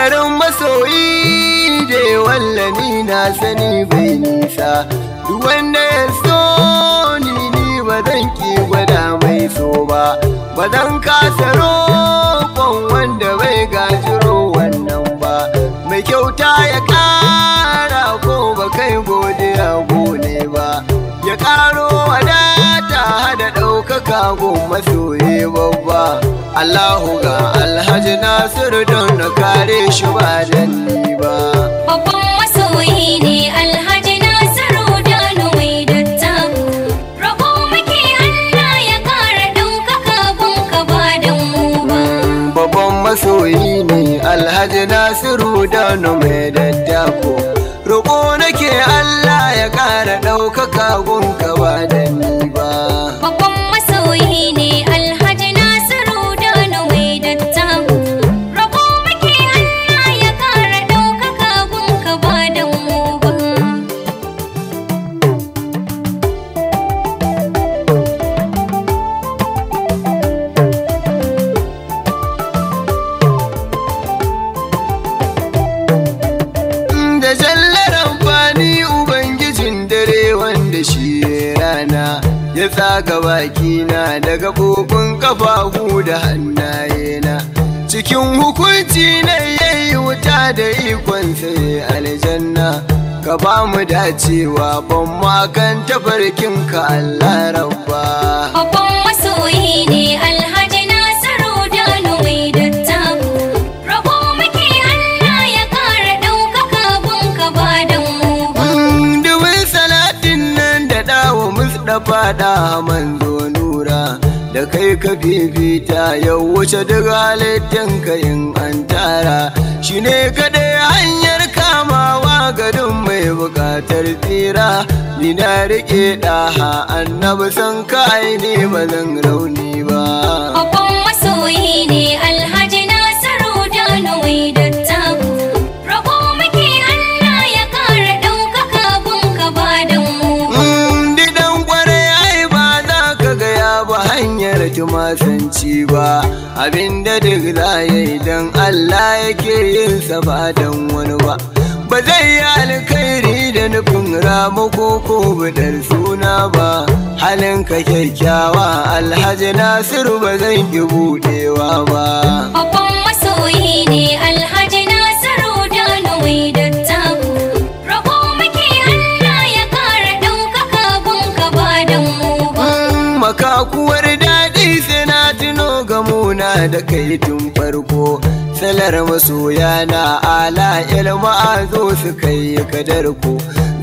garin masoyi da wallani na sani bai nisa duk wanda ya so ni ni ba zan ki gwada mai so ba ba zan kasa roƙon wanda bai gajiro wannan ba mai kyauta ya ƙara ko ba kai godiya gone ba ya ƙaro wadata da ɗaukaka gun masoye babba Allahu ga nasiru don na kare shi ba da ba babban masoyi ne alhaji nasiru dano mai datta rabo muke allah ya kara ɗaukaka gun ka ba da mu ba babban masoyi ne alhaji nasiru dano mai datta ko nake allah ya kara ɗaukaka baki na daga kokon ƙafafu da hannayena cikin hukunci na yayi wuta da ikon sai aljanna ka ba mu dacewa ban tafarkin ka Allah rabba. Babban masoyi haɗa manzo nura da kai ka fifita ya wuce duk halittin ka yin an tara shi ne kaɗai hanyar kamawa garin mai buƙatar tsira ni na riƙe ɗaha annabi san kayi ne ba zan rauni ba. masoyi ne alhaji. tumasanci ba abinda duk za yi don Allah yake yin sa ba don wani ba ba zai yi alkhairi da nufin ramu ko ko budar suna ba halin ka kyakkyawa alhaji nasiru ba zan ki budewa ba babban masoyi ne da kai tun farko salar masoya na ala ilma zo su kai kadarko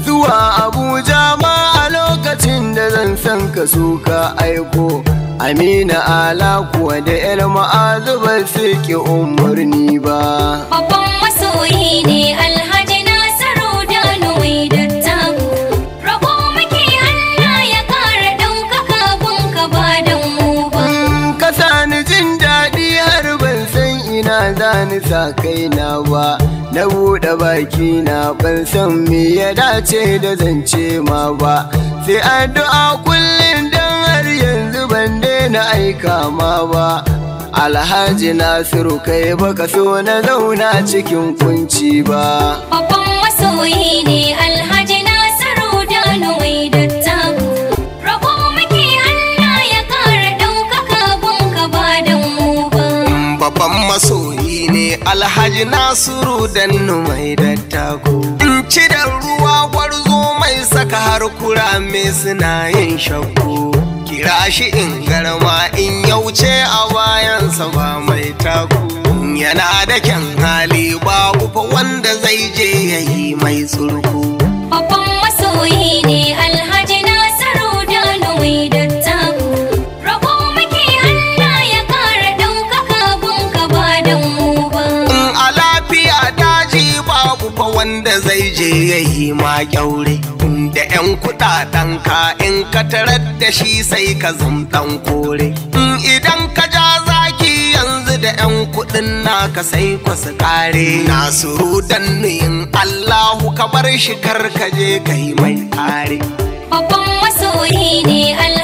zuwa abuja ma a lokacin da zan san ka so ka aiko amina ala kuwa da ilma zubar ke umarni ba babban masoyi ne ala wani sa kaina ba na buɗe baki na ban san me ya dace da zance ma ba sai addu'a kullum dan har yanzu ban daina aika ma ba alhaji nasiru kai baka so na zauna cikin kunci ba babban masoyi ne alhaji alhaji nasiru dannu mai dattago in ci da ruwa gwarzo mai saka har kura me suna yin shakku kira shi in garma in yauce a bayansa ba mai taku yana da kyan hali ba kufa wanda zai je yayi mai tsurku babban masoyi ne alhaji wanda zai je ya yi ma kyaure da 'yan kudaden ka in ka tarar da shi sai ka zamɗan kore idan ka ja zaki yanzu da 'yan kudin naka sai ku su kare nasiru nuyin allahu ka bar shi karkaje kai mai kare babban masoyi ne allah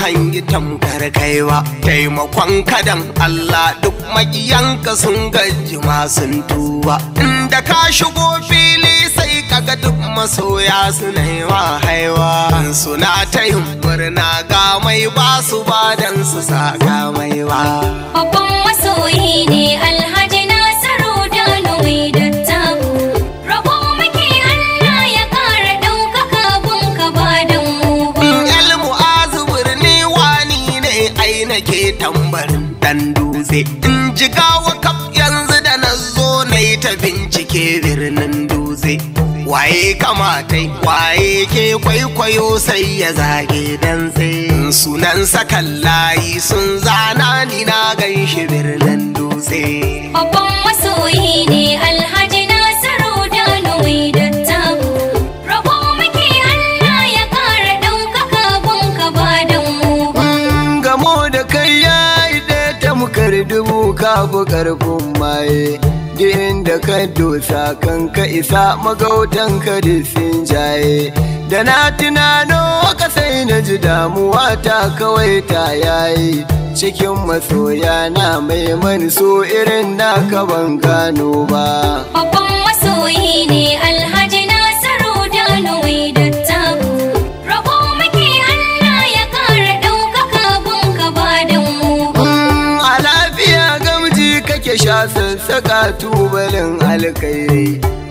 hangi tamkar kaiwa taimakon kadan Allah duk magiyanka sun gaji masu tuwa inda ka shigo fili sai kaga duk masoya suna yi wa haiwa suna ta yin murna ga mai ba su ba dan su sa ga mai ba babban masoyi ne alhaji barin dan dutse in ji gawa kaf yanzu da na zo na yi ta bincike birnin dutse waye kamata waye ke kwaikwayo sai ya zage dan sai sunan sakan layi sun zana ni na gan birnin dutse babban masoyi ne alha har dubu ka fi ƙarfin maye din da ka dosa ka isa magautan ka da sun jaye da na tunano ka sai na ji damuwa ta kawai ta yayi cikin masoya na mai manso irin naka ban gano ba babban masoyi ne Allah saka tubalin alkairi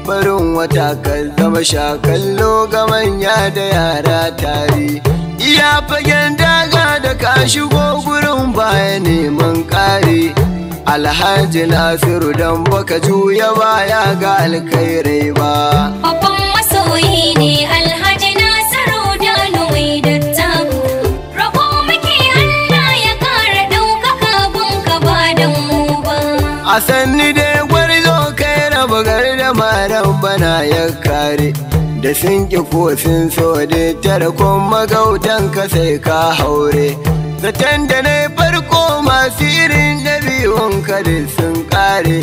barin wata kan zama shakallo ga manya da yara tari. iya fagen daga da ka shigo gurin baya neman kare alhaji nasiru don baka juya baya ga alkairi ba babban masoyi ne alhaji a sanni dai gwarzo kai rabu da maran bana ya kare da sun ki ko sun so da tarkon magautan ka sai ka haure zaton da na farko masu irin ɗabi'un ka da sun kare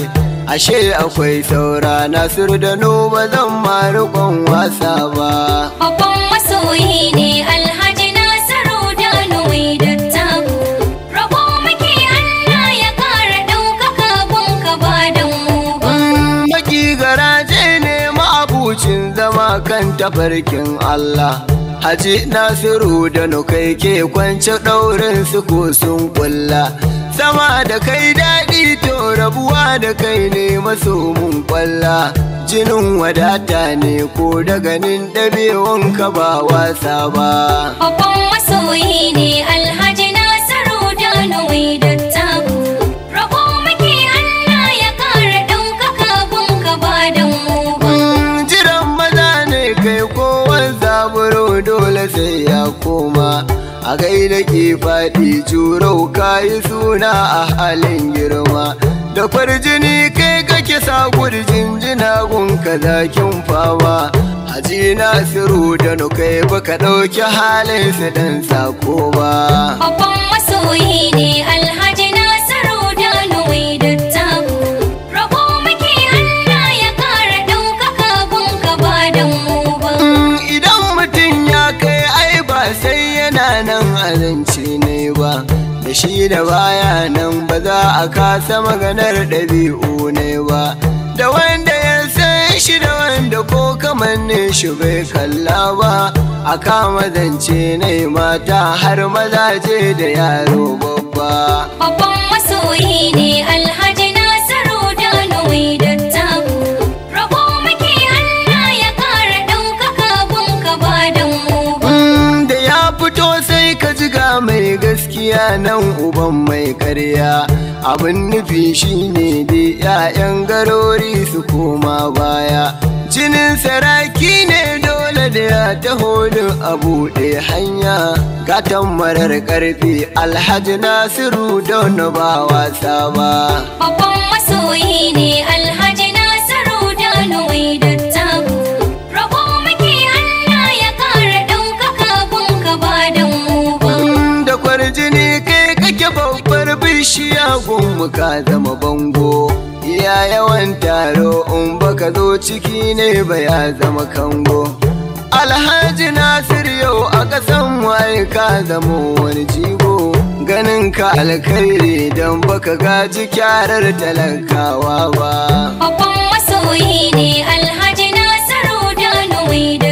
ashe akwai saura nasiru da Nuba zan ma wasa ba barkin Allah Haji Nasiru da nukai ke kwance ɗaurin su ko sun kulla Sama da kai daɗi to rabuwa da kai ne maso mun ƙwalla Jinin wadata ne ko da ganin ka ba wasa ba Babban masoyi ne Allah a gaida ke faɗi jurau kayi suna a halin girma da farjini kai kake sa gurjin jina gunka zakin fama Haji Nasiru da nukai baka ɗauki halin su ɗan sako ba. Babban masoyi ne Allah. shi da baya nan ba za a kasa maganar ɗabi'u ne ba da wanda ya san shi da wanda ko ne shi bai kalla ba a kama zance ne mata har mazaje da yaro babba babban masoyi ne alhamdulillah duniya nan uban mai karya abin nufi shine da 'ya'yan garori su koma baya jinin saraki ne dole da ya taho din a buɗe hanya gatan marar ƙarfi alhaji nasiru don ba wasa ba babban masoyi ne alhaji nasiru don jini kai kake babbar bishiya gunmu ka zama bango ya yawan taro in baka zo ciki ne ba ya zama kango alhaji nasir yau a ƙasan waye ka zama wani jigo ganin ka alkhairi don baka gaji kyarar talakawa ba babban masoyi ne alhaji nasiru da